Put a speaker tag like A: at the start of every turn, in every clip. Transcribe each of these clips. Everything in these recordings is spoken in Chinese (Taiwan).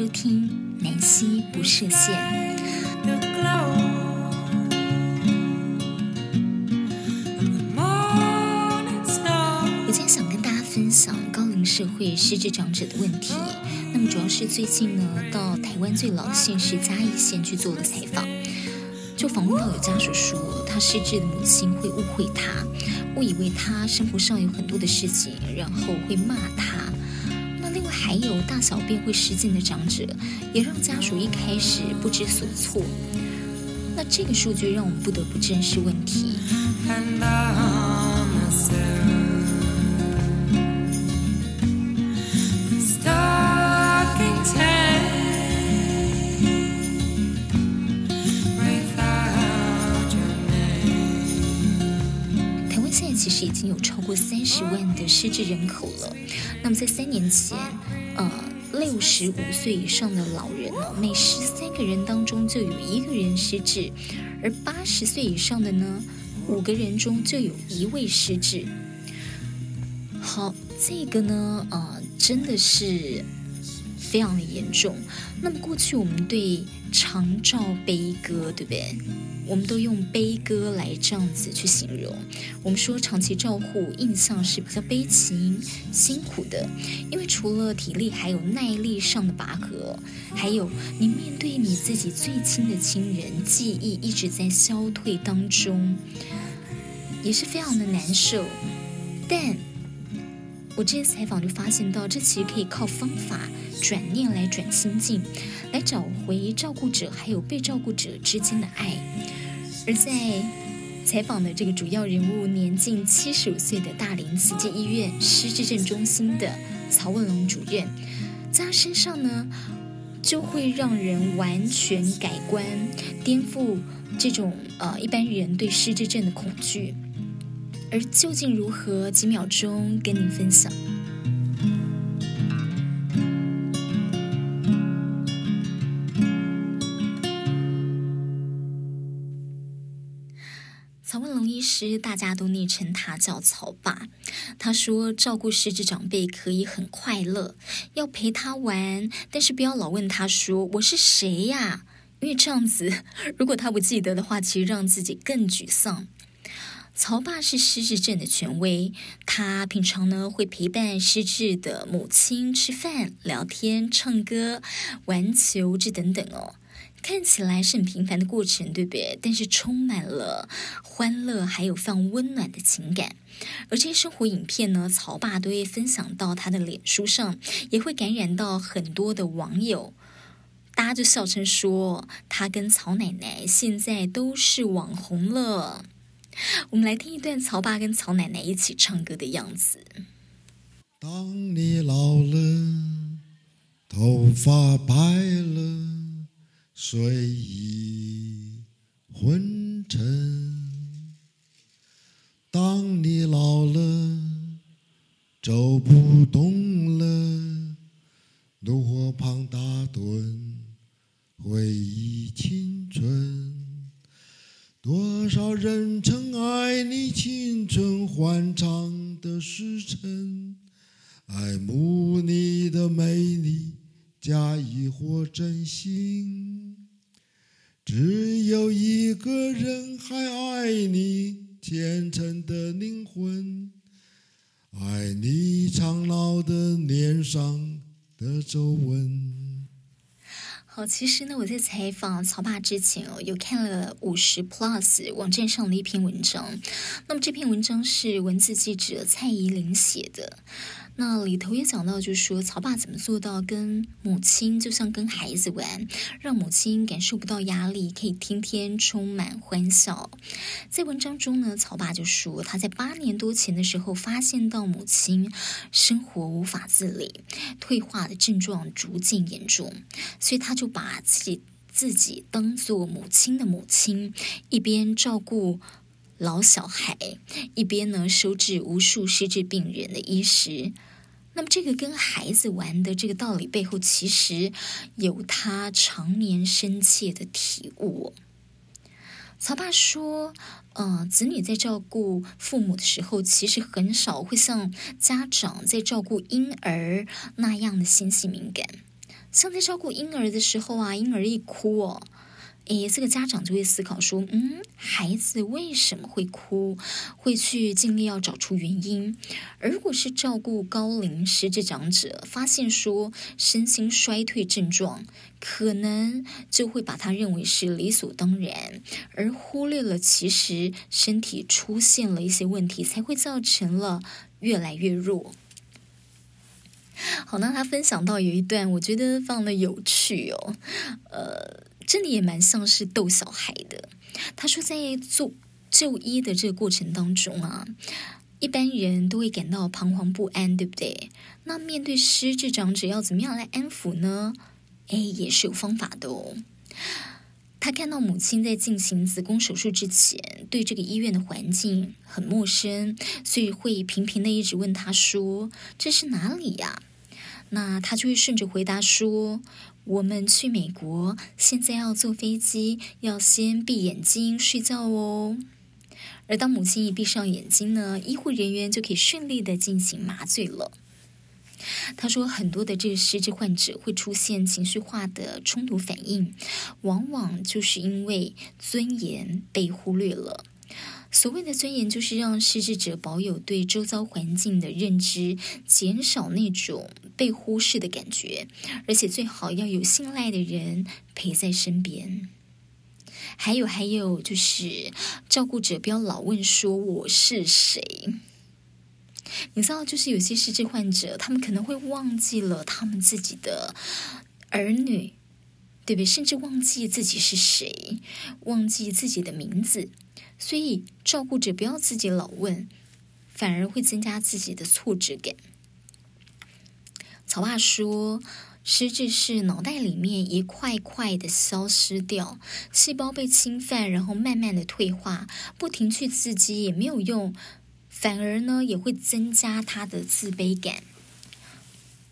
A: 收聽南希不設限。我今天想跟大家分享高齡社會失智長者的問題。那麼主要是最近呢，到台灣最老的縣市嘉義縣去做了採訪，就訪問到有家屬說，他失智的母親會誤會他，誤以為他生活上有很多的事情，然後會罵他。另外還有大小便會失禁的長者，也讓家屬一開始不知所措。那這個數據讓我們不得不正視問題。萬的失智人口了。那麼在三年前，呃，六十五歲以上的老人呢，每十三個人當中就有一個人失智；而八十歲以上的呢，五個人中就有一位失智。好，這個呢，呃，真的是非常嚴重。那麼過去我們對長照悲歌，對不對？我們都用悲歌來這樣子去形容。我們說，長期照顧，印象是比較悲情、辛苦的，因為除了體力，還有耐力上的拔河，還有你面對你自己最親的親人，記憶一直在消退當中，也是非常的難受。但我這些採訪就發現到，這其實可以靠方法轉念來轉心境，來找回照顧者還有被照顧者之間的愛。而在採訪的這個主要人物，年近七十五歲的大林慈濟醫院失智症中心的曹汶龍主任，在他身上呢，就會讓人完全改觀、顛覆這種呃一般人對失智症的恐懼。而究竟如何？幾秒鐘跟你分享。曹文龍醫師，大家都昵稱他叫曹爸。他說，照顧失智長輩可以很快樂，要陪他玩，但是不要老問他說我是誰呀、啊，因為這樣子，如果他不記得的話，其實讓自己更沮喪。曹爸是失智症的權威，他平常呢會陪伴失智的母親吃飯、聊天、唱歌、玩球這等等哦，看起來是很平凡的過程，對不對？但是充滿了歡樂，還有放溫暖的情感。而這些生活影片呢，曹爸都會分享到他的臉書上，也會感染到很多的網友，大家就笑稱說，他跟曹奶奶現在都是網紅了。我們來聽一段曹爸跟曹奶奶一起唱歌的樣子。當你老了，頭髮白了，睡意昏沉。當你老了。只有一個人還愛你，虔誠的靈魂，愛你蒼老的臉上的皺紋。好，其實呢，我在採訪曹爸之前，我有看了五十 Plus 網站上的一篇文章。那麼這篇文章是文字記者蔡依林寫的。那裡頭也講到，就是說曹爸怎麼做到跟母親就像跟孩子玩，讓母親感受不到壓力，可以天天充滿歡笑。在文章中呢，曹爸就說他在八年多前的時候發現到母親生活無法自理，退化的症狀逐漸嚴重，所以他就把自己自己當做母親的母親，一邊照顧老小孩，一邊呢收治無數失智病人的醫師。那麼這個跟孩子玩的這個道理背後，其實有他常年深切的體悟。曹爸說，呃，子女在照顧父母的時候，其實很少會像家長在照顧嬰兒那樣的心細敏感。像在照顧嬰兒的時候啊，嬰兒一哭哦。誒，這個家長就會思考說：“嗯，孩子為什麼會哭？會去盡力要找出原因。而如果是照顧高齡失智長者，發現說身心衰退症狀，可能就會把他認為是理所當然，而忽略了其實身體出現了一些問題，才會造成了越來越弱。”好，那他分享到有一段，我覺得非常的有趣哦，呃。這裡也蠻像是逗小孩的。他說，在做就醫的這個過程當中啊，一般人都會感到彷徨不安，對不對？那面對失智長者，要怎麼樣來安撫呢？誒、哎，也是有方法的哦。他看到母親在進行子宮手術之前，對這個醫院的環境很陌生，所以會頻頻的一直問他說：“這是哪裡呀？”那他就會順着回答說。我們去美國，現在要坐飛機，要先閉眼睛睡覺哦。而當母親一閉上眼睛呢，醫護人員就可以順利的進行麻醉了。他說，很多的這個失智患者會出現情緒化的衝突反應，往往就是因為尊嚴被忽略了。所謂的尊嚴，就是讓失智者保有對周遭環境的認知，減少那種被忽視的感覺，而且最好要有信賴的人陪在身邊。還有還有，就是照顧者不要老問說我是誰。你知道，就是有些失智患者，他們可能會忘記了他們自己的兒女，對不對？甚至忘記自己是誰，忘記自己的名字。所以，照顧者不要自己老問，反而會增加自己的挫折感。曹爸說，失智是腦袋裡面一塊塊的消失掉，細胞被侵犯，然後慢慢的退化，不停去刺激也沒有用，反而呢也會增加他的自卑感。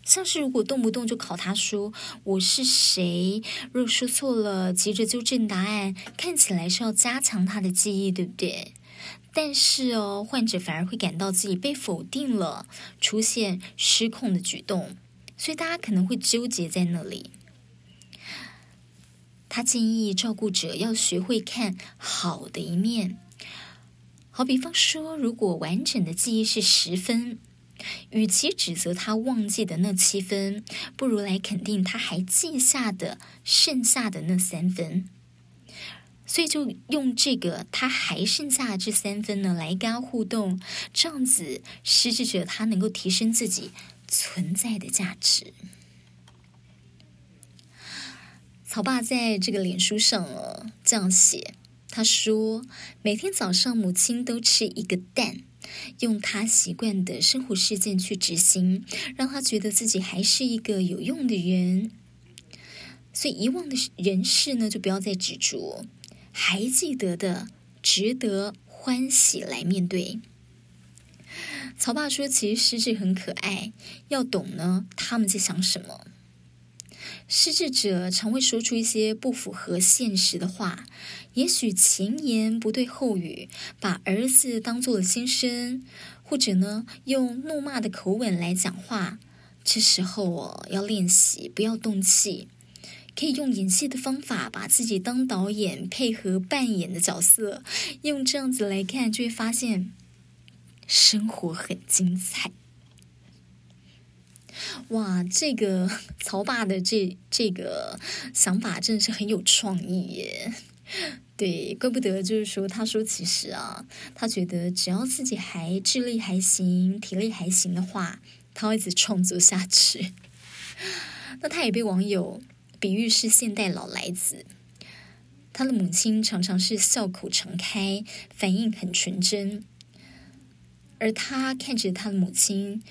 A: 像是如果動不動就考他說我是誰，如果說錯了，急着糾正答案，看起來是要加強他的記憶，對不對？但是哦，患者反而會感到自己被否定了，出現失控的舉動，所以大家可能會糾結在那裡。他建議照顧者要學會看好的一面，好比方說，如果完整的記憶是十分。與其指責他忘記的那七分，不如來肯定他還記下的剩下的那三分。所以就用這個他還剩下的這三分呢，來跟他互動，這樣子失智者他能夠提升自己存在的價值。曹爸在這個臉書上哦，這樣寫，他說每天早上母親都吃一個蛋。用他習慣的生活事件去執行，讓他覺得自己還是一個有用的人。所以遺忘的人事呢，就不要再執着；還記得的，值得歡喜來面對。曹爸說：“其實失智很可愛，要懂呢，他們在想什麼。”失智者常會說出一些不符合現實的話，也許前言不對後語，把兒子當做了先生，或者呢，用怒罵的口吻來講話。這時候我、哦、要練習不要動氣，可以用演戲的方法，把自己當導演，配合扮演的角色，用這樣子來看，就會發現生活很精彩。哇，這個曹爸的這這個想法真的是很有創意耶！對，怪不得就是說，他說其實啊，他覺得只要自己還智力還行、體力還行的話，他會一直創作下去。 那他也被網友比喻是現代老萊子。他的母親常常是笑口常開，反應很純真，而他看着他的母親。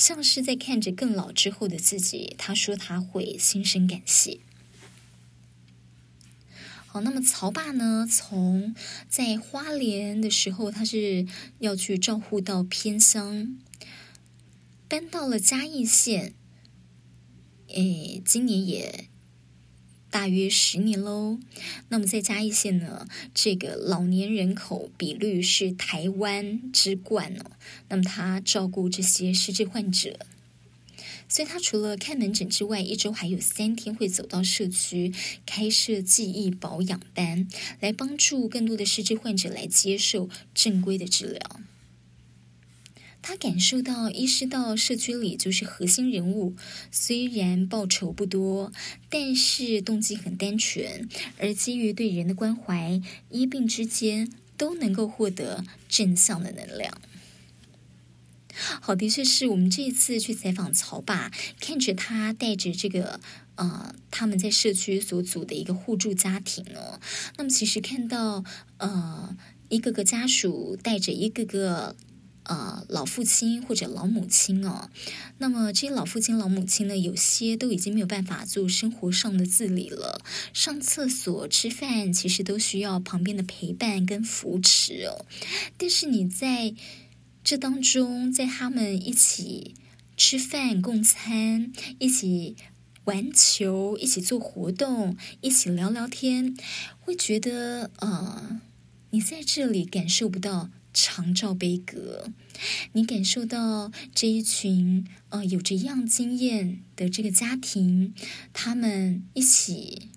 A: 像是在看着更老之後的自己，他說他會心生感謝。好，那麼曹爸呢，從在花蓮的時候，他是要去照顧到偏鄉，搬到了嘉義縣。誒，今年也。大約十年嘍，那麼再加一些呢？這個老年人口比率是台灣之冠哦。那麼他照顧這些失智患者，所以他除了看門診之外，一周還有三天會走到社區開設記憶保養班，來幫助更多的失智患者來接受正規的治療。他感受到，意識到社區裡就是核心人物，雖然報酬不多，但是動機很單純，而基於對人的關懷，醫病之間都能夠獲得正向的能量。好，的確是我們這一次去採訪曹爸，看着他帶着這個呃，他們在社區所組的一個互助家庭哦。那麼其實看到呃，一個個家屬帶着一個個。呃，老父親或者老母親哦，那麼這些老父親、老母親呢，有些都已經沒有辦法做生活上的自理了，上廁所、吃飯其實都需要旁邊的陪伴跟扶持哦。但是你在這當中，在他們一起吃飯、共餐、一起玩球、一起做活動、一起聊聊天，會覺得啊、呃，你在這裡感受不到。長照悲歌，你感受到這一群呃有着一樣經驗的這個家庭，他們一起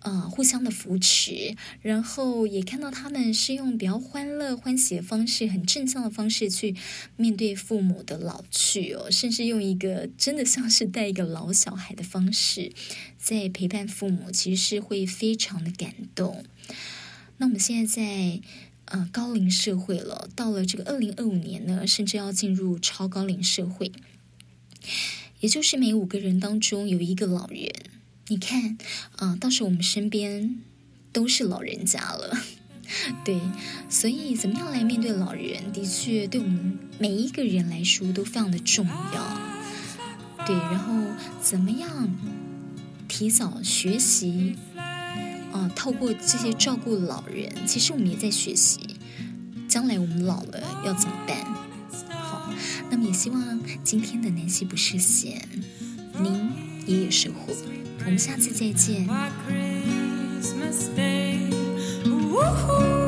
A: 呃互相的扶持，然後也看到他們是用比較歡樂歡喜的方式，很正向的方式去面對父母的老去哦，甚至用一個真的像是帶一個老小孩的方式在陪伴父母，其實是會非常的感動。那我們現在在。嗯、呃，高齡社會了，到了這個二零二五年呢，甚至要進入超高齡社會，也就是每五個人當中有一個老人。你看，啊、呃，到時候我們身邊都是老人家了，對，所以怎麼樣來面對老人，的確對我們每一個人來說都非常的重要。對，然後怎麼樣提早學習？啊、嗯，透過這些照顧老人，其實我們也在學習，將來我們老了要怎麼辦？好，那麼也希望今天的南希不設限，您也有收穫。我們下次再見。嗯